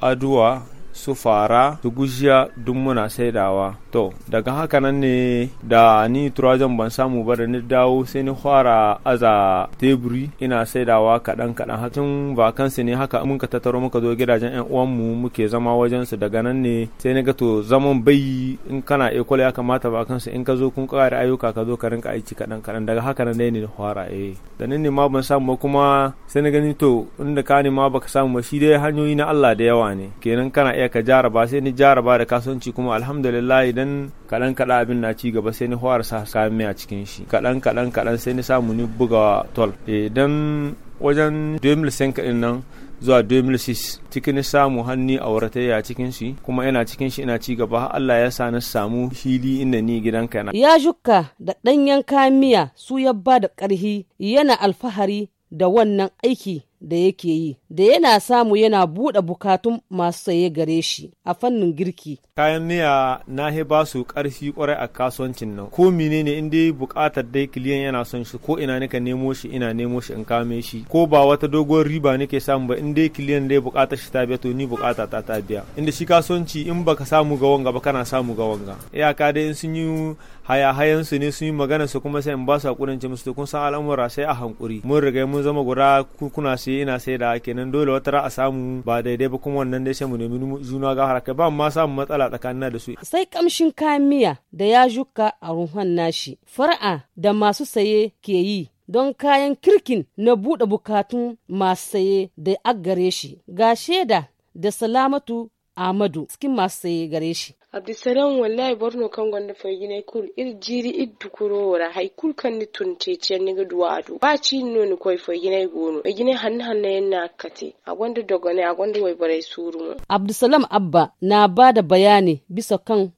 aduwa, su fara su gujiya duk muna saidawa to daga haka nan ne da ni turajen ban samu ba da ni dawo sai ni fara aza teburi ina saidawa kaɗan kaɗan hatin vakansi ne haka mun ka tattaro muka zo gidajen yan uwanmu muke zama wajen su daga nan ne sai ni ga to zaman bai in kana ekol ya kamata vakansi in ka zo kun ƙara ayyuka ka zo ka rinka aiki kaɗan kaɗan daga haka nan ne fara eh da nan ne ma ban samu ba kuma sai ni gani to inda ka ne ma baka samu ba shi dai hanyoyi na Allah da yawa ne kenan kana iya ka jaraba sai ni jaraba da kasuwanci kuma alhamdulillah idan kaɗan kaɗan abin na ci gaba sai ni fara sa kayan a cikin shi kaɗan kaɗan kaɗan sai ni samu ni buga tol idan wajen 2005 ɗin nan zuwa 2006 cikin samu hannu a wuratayya cikin shi kuma yana cikin shi ina ci gaba Allah ya sa na samu hili inda ni gidan kana ya jukka da ɗanyen kamiya su ya ba da ƙarhi yana alfahari da wannan aiki da yake yi da yana samu yana buɗe bukatun masu saye gare shi a fannin girki. Kayan miya na he ba su ƙarfi ƙwarai a kasuwancin nan. Ko menene in dai buƙatar dai kiliyan yana son shi ko ina nika nemo shi ina nemo shi in kame shi ko ba wata dogon riba nake samu ba in dai kiliyan dai buƙatar shi ta biya to ni buƙata ta ta biya. Inda shi kasuwanci in baka samu ga wanga ba kana samu ga wanga. Iyaka dai in sun yi haya hayan su ne sun yi magana su kuma sai in ba su hakurin musu to kun san al'amura sai a hankuri. Mun riga mun zama guda kuna sai sai ina sai da kenan dole wata ra'a samu ba daidai ba kuma wannan dai sai mu nemi juna ga haraka ba ma samu matsala tsakanin da su sai kamshin kayan miya da ya juka a ruhan nashi fara'a da masu saye ke yi don kayan kirkin na buɗe bukatun masu saye da aggare shi ga shaida da salamatu Ahmadu cikin masu saye gare shi. abdisalam wallahi borno kan gonda foygine kul ir jiri iddu wara hay kul kan ni tunte ni ga duwadu ba ci no ni koy foygine gono egine hanna hanna yanna kate agonda dogone agonda way bare suru abdisalam abba na ba da bayani bisa kan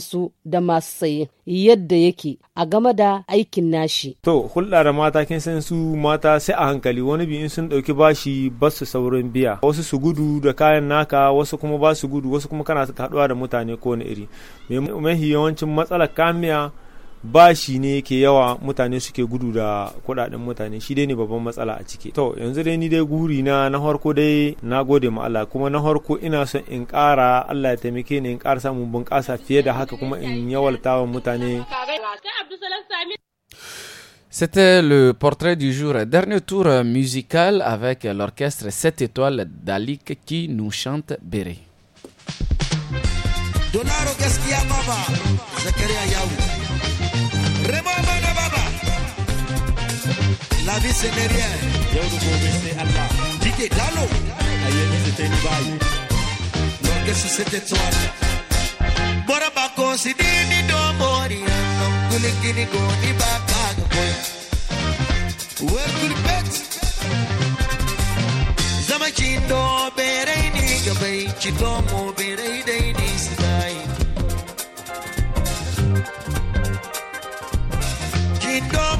su da masu saye yadda yake a game da aikin nashi. To hulɗa da mata kin san su mata sai a hankali wani bi in sun ɗauki bashi ba su saurin biya wasu su gudu da kayan naka wasu kuma ba su gudu wasu kuma kana haɗuwa da mutane ko kowane iri mafi yawancin matsalar kamiya shi ne ke yawa mutane suke gudu da kudaden mutane shi dai ne babban matsala a ciki to yanzu dai ni dai guri na na harko dai na gode ma Allah kuma na harko ina son in ƙara Allah ya taimake ni in ƙara samun bunƙasa fiye da haka kuma in yawalta wa mutane C'était le portrait du jour. Dernier tour musical avec l'orchestre 7 étoiles d'Alik qui nous chante Béré. Donaro gaskiya baba Zakariya yawo Remo mana baba La vie c'est derrière Yau da gobe sai Allah Dike dalo Aye ni c'était ni bayi L'orchestre c'était toi Bora bako sidini do moria Kulikini go ni baba goya Welcome back Zama chindo berei ni gabai Chidomo bere dei ni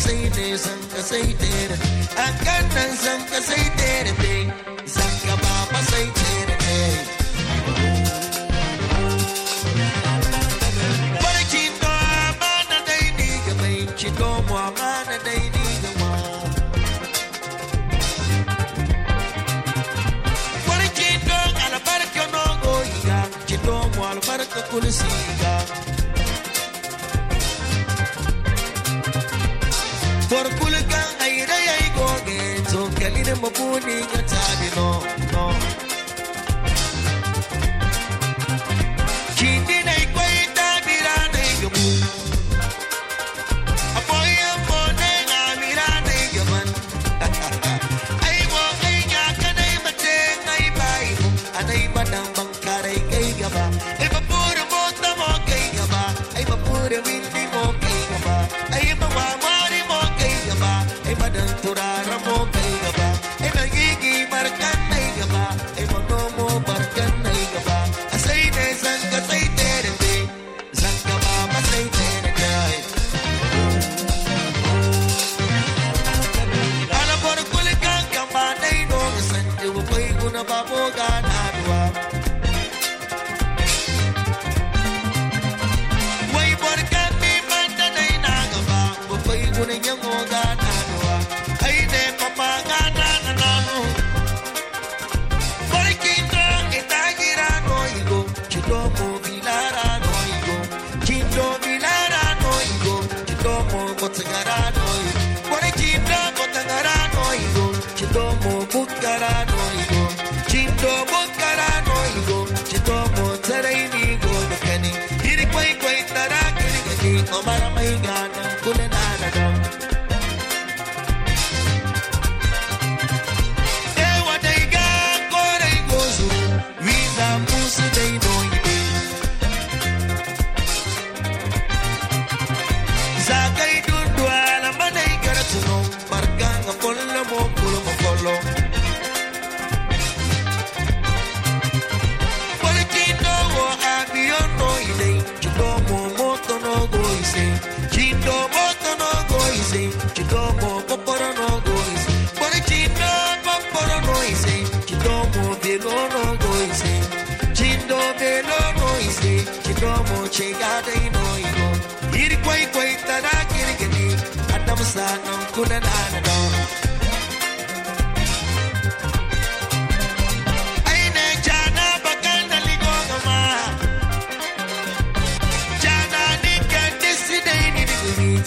kasayde san kasayde akatan san kasayde de zakka baba sayde de barki to amana dai ni ga mai chiko mu amana dai ni ga wa barki to albarka no goya chito mu albarka kulsi mo puni nyota di no no saanam kunan aanadoo.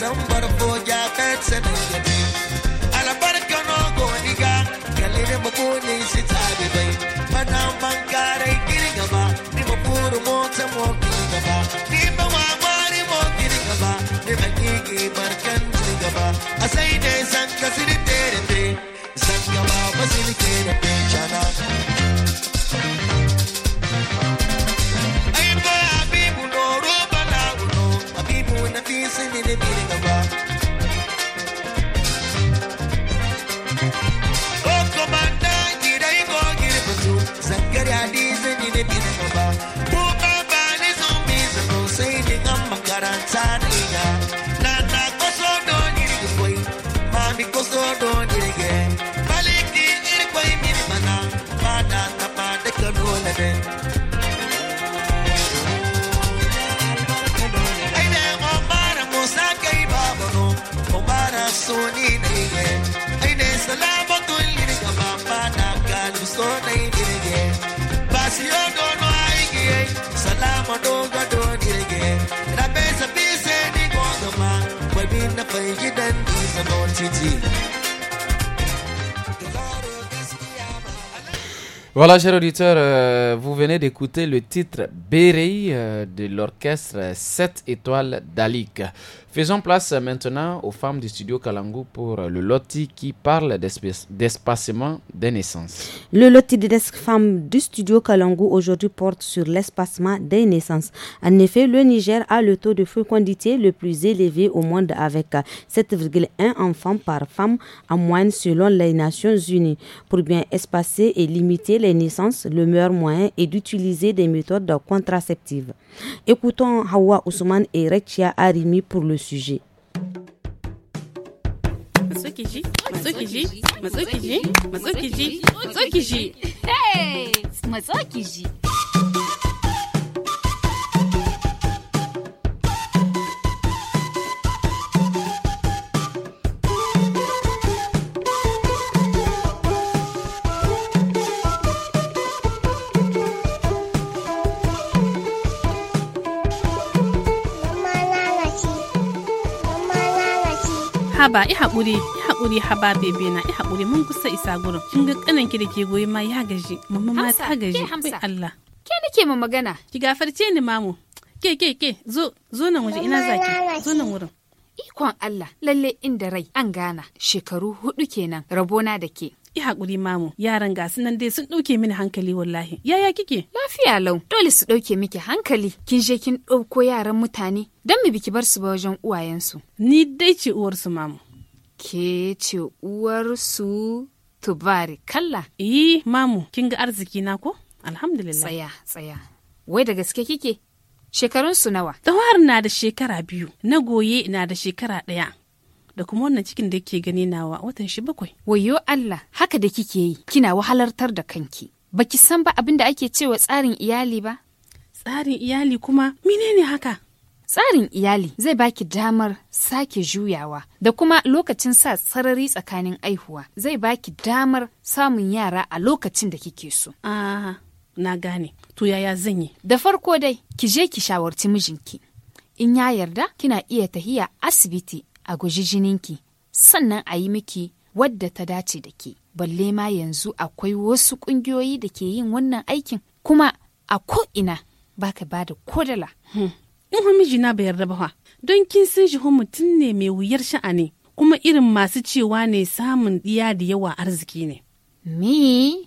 zambar ko jakar sanin gani albarka no godiga kalli da mako ne shi tsabi bai mana man kare cause it is baby. soni nige aine salamo to liriga mama na kalu soni nige basi yo do no aige salamo do ga do nige na pesa pise ni gondoma we bin na fayidan di samo titi Voilà, chers auditeurs, euh, vous venez d'écouter le titre Béréi euh, de l'orchestre 7 étoiles d'Alik. Faisons place maintenant aux femmes du studio Kalangu pour le loti qui parle d'espacement des naissances. Le loti des femmes du studio Kalangu aujourd'hui porte sur l'espacement des naissances. En effet, le Niger a le taux de fécondité le plus élevé au monde avec 7,1 enfants par femme en moyenne selon les Nations Unies. Pour bien espacer et limiter les naissances, le meilleur moyen est d'utiliser des méthodes contraceptives. Écoutons Hawa Ousmane et Rechia Arimi pour le sujet. Hey haba i haƙuri i haƙuri haba bebe na i haƙuri mun kusa isa gurin kin ga kanan ki da ke goyi ma ya gaji mamma ma ta gaji kai Allah ke nake ma magana ki gafarce ni mamu ke ke ke zo zo nan waje ina zaki zo nan wurin ikon Allah lalle inda rai an gana shekaru hudu kenan rabona da ke yi hakuri mamu yaran ga nan dai sun ɗauke mini hankali wallahi yaya kike lafiya lau dole su ɗauke miki hankali kin je kin ɗauko yaran mutane dan mu biki bar su ba wajen uwayensu ni dai ce uwarsu mamu ke ce uwarsu tubari kalla yi eh, mamu kin ga arziki na ko alhamdulillah tsaya tsaya wai da gaske kike shekarunsu nawa tawar na da shekara biyu na goye na da shekara ɗaya da kuma wannan cikin da ke gani nawa watan shi bakwai. Wayo Allah haka da kike yi kina wahalartar da kanki. Baki san ba abin da ake cewa tsarin iyali ba? Tsarin iyali kuma menene haka? Tsarin iyali zai baki damar sake juyawa da kuma lokacin sa sarari tsakanin aihuwa zai baki damar samun yara a lokacin da kike so. Aha, na gane. To yaya zan yi? Da farko dai, ki je ki shawarci mijinki. In ya yarda, kina iya tahiya asibiti a guji jininki sannan a yi miki wadda ta dace da ke balle ma yanzu akwai wasu ƙungiyoyi da ke yin wannan aikin kuma a ko'ina baka ba da kodala. Hmm. in miji na bayar da ba don kin san shi mutum ne mai wuyar sha'ani kuma irin masu cewa ne samun ɗiya da yawa arziki ne. Me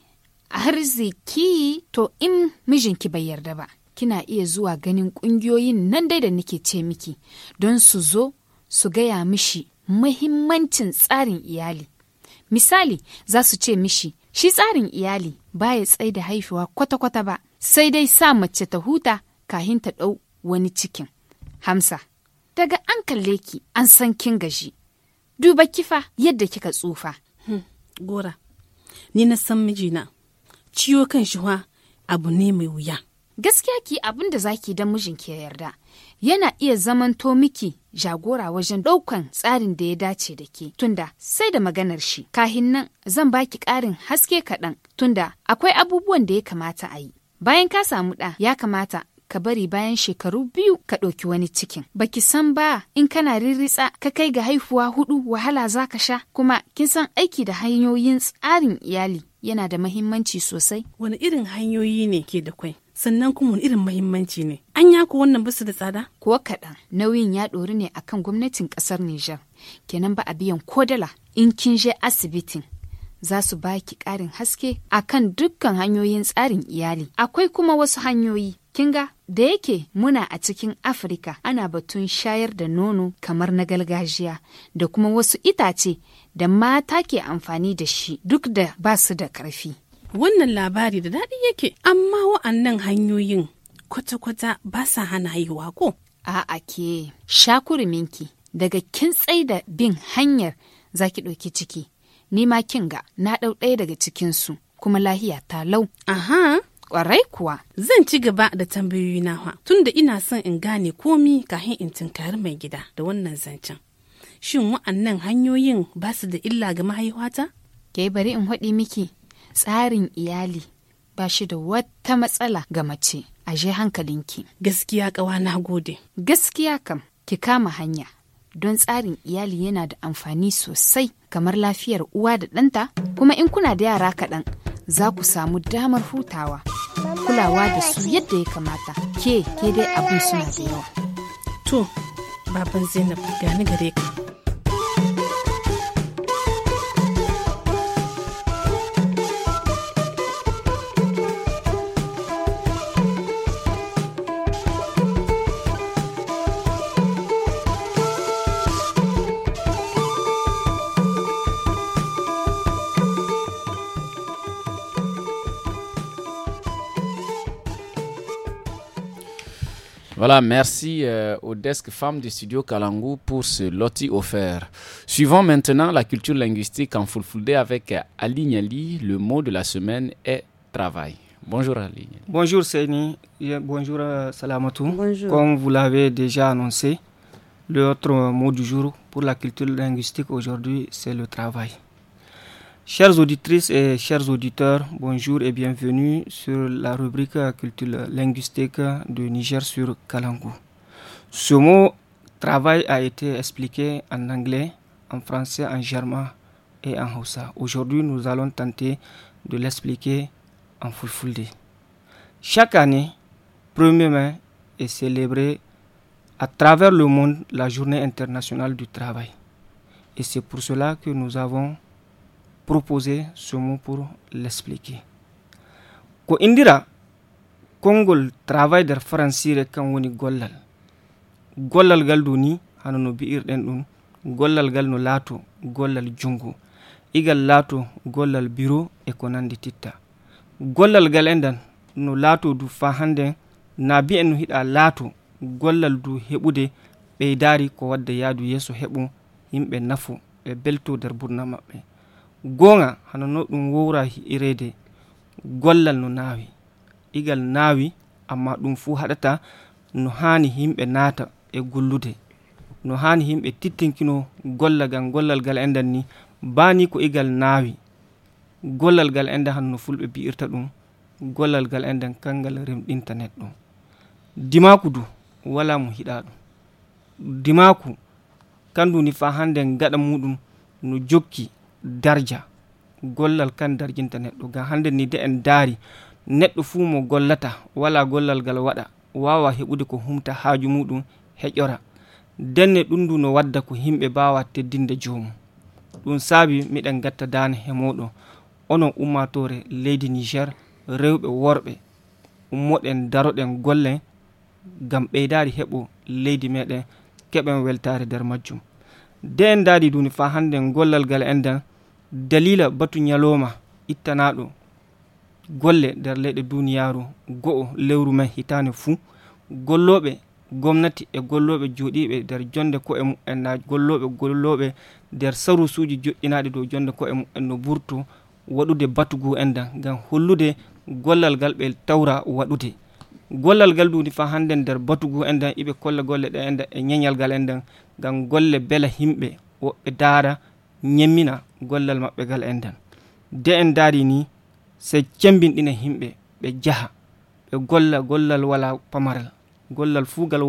arziki to in mijinki bai yarda ba kina iya zuwa ganin ƙungiyoyin nan dai da nake ce miki don su zo su gaya mishi mahimmancin tsarin iyali. Misali, za su ce mishi, shi tsarin iyali ba ya tsai da haifuwa kwata-kwata ba, sai dai sa mace ta huta kahin ta ɗau wani cikin. Hamsa, daga an kalle ki an san kin gaji, duba kifa yadda kika tsufa. Hmm, gora, ni na san mijina, ciwo kan shi abu ne mai wuya. Gaskiya ki abin da zaki don mijinki ya yarda. yana iya zamanto miki jagora wajen ɗaukan tsarin da ya dace da ke tunda sai da maganar shi kahin nan zan baki ƙarin haske kaɗan tunda akwai abubuwan da ya kamata a yi bayan ka samu ɗa ya kamata ka bari bayan shekaru biyu ka ɗauki wani cikin. Baki san ba in kana riritsa ka kai ga haihuwa hudu wahala za ka sha kuma kin san aiki da hanyoyin tsarin iyali yana da mahimmanci sosai. Wani irin hanyoyi ne ke da kwai? sannan kuma irin mahimmanci ne an ya ku wannan bisa da tsada kuwa kaɗan nauyin ya ɗori ne akan gwamnatin ƙasar Nijar kenan ba a biyan ko dala in kin je asibitin za su baki ƙarin haske akan dukkan hanyoyin tsarin iyali akwai kuma wasu hanyoyi kinga da yake muna a cikin afirka ana batun shayar da nono kamar na gargajiya da kuma wasu itace da mata ke amfani da shi duk da ba su da ƙarfi wannan labari da daɗi yake amma wa'annan hanyoyin kwata-kwata ba sa hana haihuwa ko a'a ke shakuruminki daga kin da bin hanyar zaki ɗauki ciki ni ma kin ga na ɗau ɗaya daga cikinsu kuma lahiya ta lau aha Ƙwarai kuwa. Zan ci gaba da tambayoyi nawa tunda ina son in gane komi kafin in tunkari mai gida da wannan zancen. Shin wa'annan hanyoyin ba su da illa ga mahaihuwata? Ke bari in haɗi miki tsarin iyali ba shi da wata matsala ga mace a je hankalinki. Gaskiya kawa na gode. Gaskiya kam ki kama hanya don tsarin iyali yana da amfani sosai kamar lafiyar uwa da ɗanta kuma in kuna da yara kaɗan za ku samu damar hutawa kulawa da su yadda ya kamata ke ke dai abin suna da yawa. To, baban Zainab gani gare ka. Voilà, merci euh, au desk femme du studio Kalangu pour ce loti offert. Suivons maintenant la culture linguistique en fulfulde avec Ali Le mot de la semaine est travail. Bonjour Ali. Bonjour Seyni, Bonjour euh, Salamatou. Comme vous l'avez déjà annoncé, l'autre mot du jour pour la culture linguistique aujourd'hui, c'est le travail. Chères auditrices et chers auditeurs, bonjour et bienvenue sur la rubrique culture linguistique de Niger sur Kalangu. Ce mot travail a été expliqué en anglais, en français, en germain et en haussa. Aujourd'hui, nous allons tenter de l'expliquer en fulfulde. Chaque année, 1er mai est célébré à travers le monde la journée internationale du travail. Et c'est pour cela que nous avons proposer ce mot pour l'expliquer ko indira kongol travail der francire kan woni GOLAL. gollal Gal do ni hano bi'irden dum golal gollal no lato, gollal jungo igal lato, gollal bureau e ko nandi titta endan no du fahande, hande na bi en no hida gollal du hebude ɓeydari ko wadda yaadu yeso heɓu yimɓe nafu, belto nder burna gonga hanu no ɗum irede gollal no naawi igal naawi amma ɗum him haɗata no haani himɓe nata e gollude no haani himɓe tittinkino gollal gal gollal bani ko igal naawi gollal gal enda han no fulɓe bi'irta ɗum gollal gal endan kangal remɗinta neɗɗo dimaku du wala mo dimaku kandu ni fa hande no jokki darja gollal kan darjinta neɗɗo ga hande ni de en daari neɗɗo fuu mo gollata wala gollal ngal waɗa wawa heɓude ko humta haaju muɗum heƴƴora denne ɗum ndu no wadda ko himɓe mbawa teddinde joomum ɗum saabi miɗen gatta daane he moɗo onon ummatore leydi niger rewɓe worɓe ummoɗen daroɗen gollen gam ɓeydari heɓo leydi meɗen keɓen weltare nder majjum de en daadi duni fa hannden gollal ngal en dan dalila batu nyaloma ittanaɗo golle nder leyɗe duniyaru go'o lewru mai hitane fuu golloɓe gomnati e golloɓe joɗiɓe nder jonde ko'e mumen na golloɓe golloɓe nder sarusuji joɗɗinaɗe dow jonde ko'e mumen no ɓurto waɗude batugu en dan ngam hollude gollal ngal ɓe tawra waɗude gollal ngal ɗudi fa hande nder batugu en dan iɓe kolle golle ɗe en dan e ñeñal ngal en dan ngam golle bela himɓe woɓɓe daara ñemmina Golal maɓɓe gal en de en daari ni se cembinɗina himɓe ɓe jaha ɓe golla gollal wala pamaral gollal fuu ngal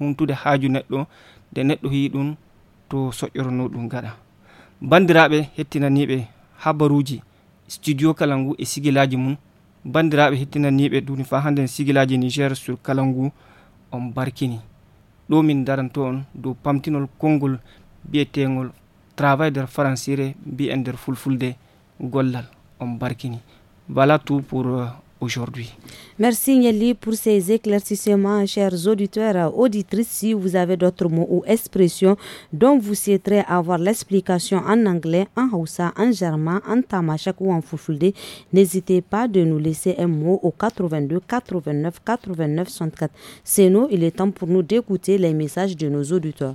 huntude de haaju neɗɗo nde neɗɗo ɗum to soƴƴorno ɗum gaɗa bandiraɓe hettinaniɓe habaruji studio kalangu e sigilaji mum bandiraɓe hettinaniɓe duni fa hande sigilaji niger sur kalangu on barkini ɗo min daranto do pamtinol konngol travail de faransire nder fulfulde gollal on barkini voilà tout pour euh, aujourd'hui. Merci Nelly pour ces éclaircissements, chers auditeurs, auditrices. Si vous avez d'autres mots ou expressions dont vous souhaiterez avoir l'explication en anglais, en haussa, en germain, en tamashak ou en fulfulde, n'hésitez pas de nous laisser un mot au 82 89 89 64. C'est nous, il est temps pour nous d'écouter les messages de nos auditeurs.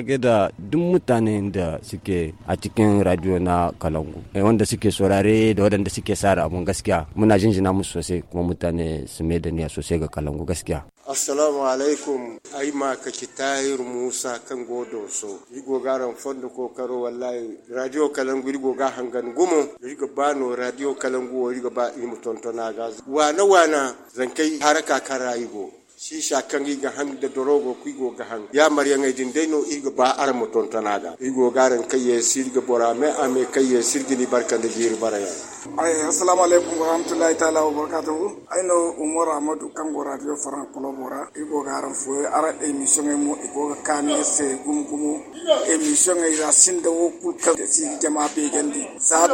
ina da duk mutanen da suke a cikin radio na kalangu eh, wanda suke saurare da waɗanda suke sara abun gaskiya muna jinjina musu sosai kuma mutane su mai da niyya sosai ga kalangu gaskiya assalamu alaikum ai ma ka tahir musa kan godo so yi gogaran fondo ko karo wallahi radio kalangu yi goga hangan gumo rigo bano radio kalangu yi ba yi mutuntuna ga wana wana zan kai haraka kan rayigo ga kangiga hangda dorogo go ga gahang ya maria ngai dindeno igo ba armo tontanada igo garan kaye bora borame ame kaye silgi ni barkande jiru baraya ay assalamu alaikum wa rahmatullahi ta'ala wa barakatuh aino umar ahmadu kango radio faran kolobora go garan fo ara emission mo i igo kane se gum gumu emission ngai rasin da wo kulka si jama be gandi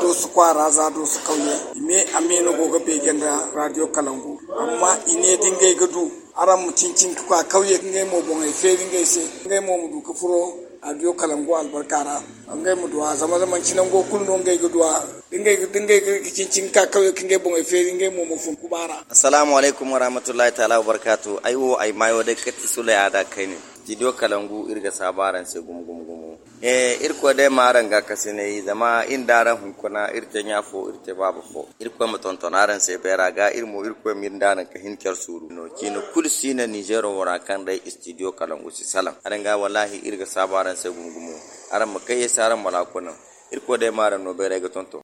do su kwara zato su kauye me ame amino go ga be ganda radio kalangu amma ine dingai du aram cincin ka kauye ngai mo bongai feri ngai se ngai mo mudu ka furo adiyo kalango albarkara ngai mudu a zama zaman cinan go kulno ngai gudwa dingai dingai cincin ka kauye ngai bongai feri ngai mo mo fun kubara assalamu alaikum warahmatullahi ta'ala wabarakatuh ayo ay mayo da kati sulai ada kai studio kalangu irga sabaran se gum gum gumu e irko de maran ga kasine zama in daran hunkuna irte nya fo irte babu fo irko mu tontonaran se bera ga irmo irko min daran ka hinkar suru no kino kulsi na niger wara kan dai studio kalangu si salam ga wallahi irga sabaran se gum gumu aran makai kai saran malakunan irko de maran no bera ga tonto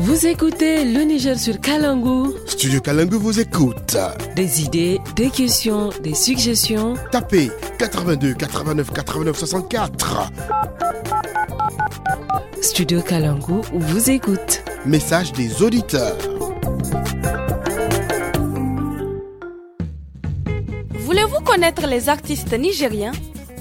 Vous écoutez le Niger sur Kalangu. Studio Kalangu vous écoute. Des idées, des questions, des suggestions. Tapez 82 89 89 64. Studio Kalangu vous écoute. Message des auditeurs. Voulez-vous connaître les artistes nigériens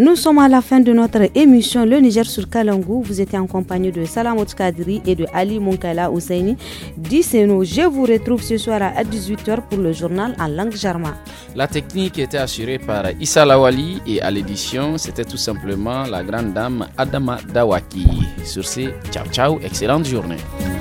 Nous sommes à la fin de notre émission Le Niger sur Kalangou. Vous étiez en compagnie de Salamot Kadri et de Ali Munkala Ousseini. Dites-nous, je vous retrouve ce soir à 18h pour le journal en langue jarma. La technique était assurée par Issa Lawali et à l'édition, c'était tout simplement la grande dame Adama Dawaki. Sur ce, ciao ciao, excellente journée.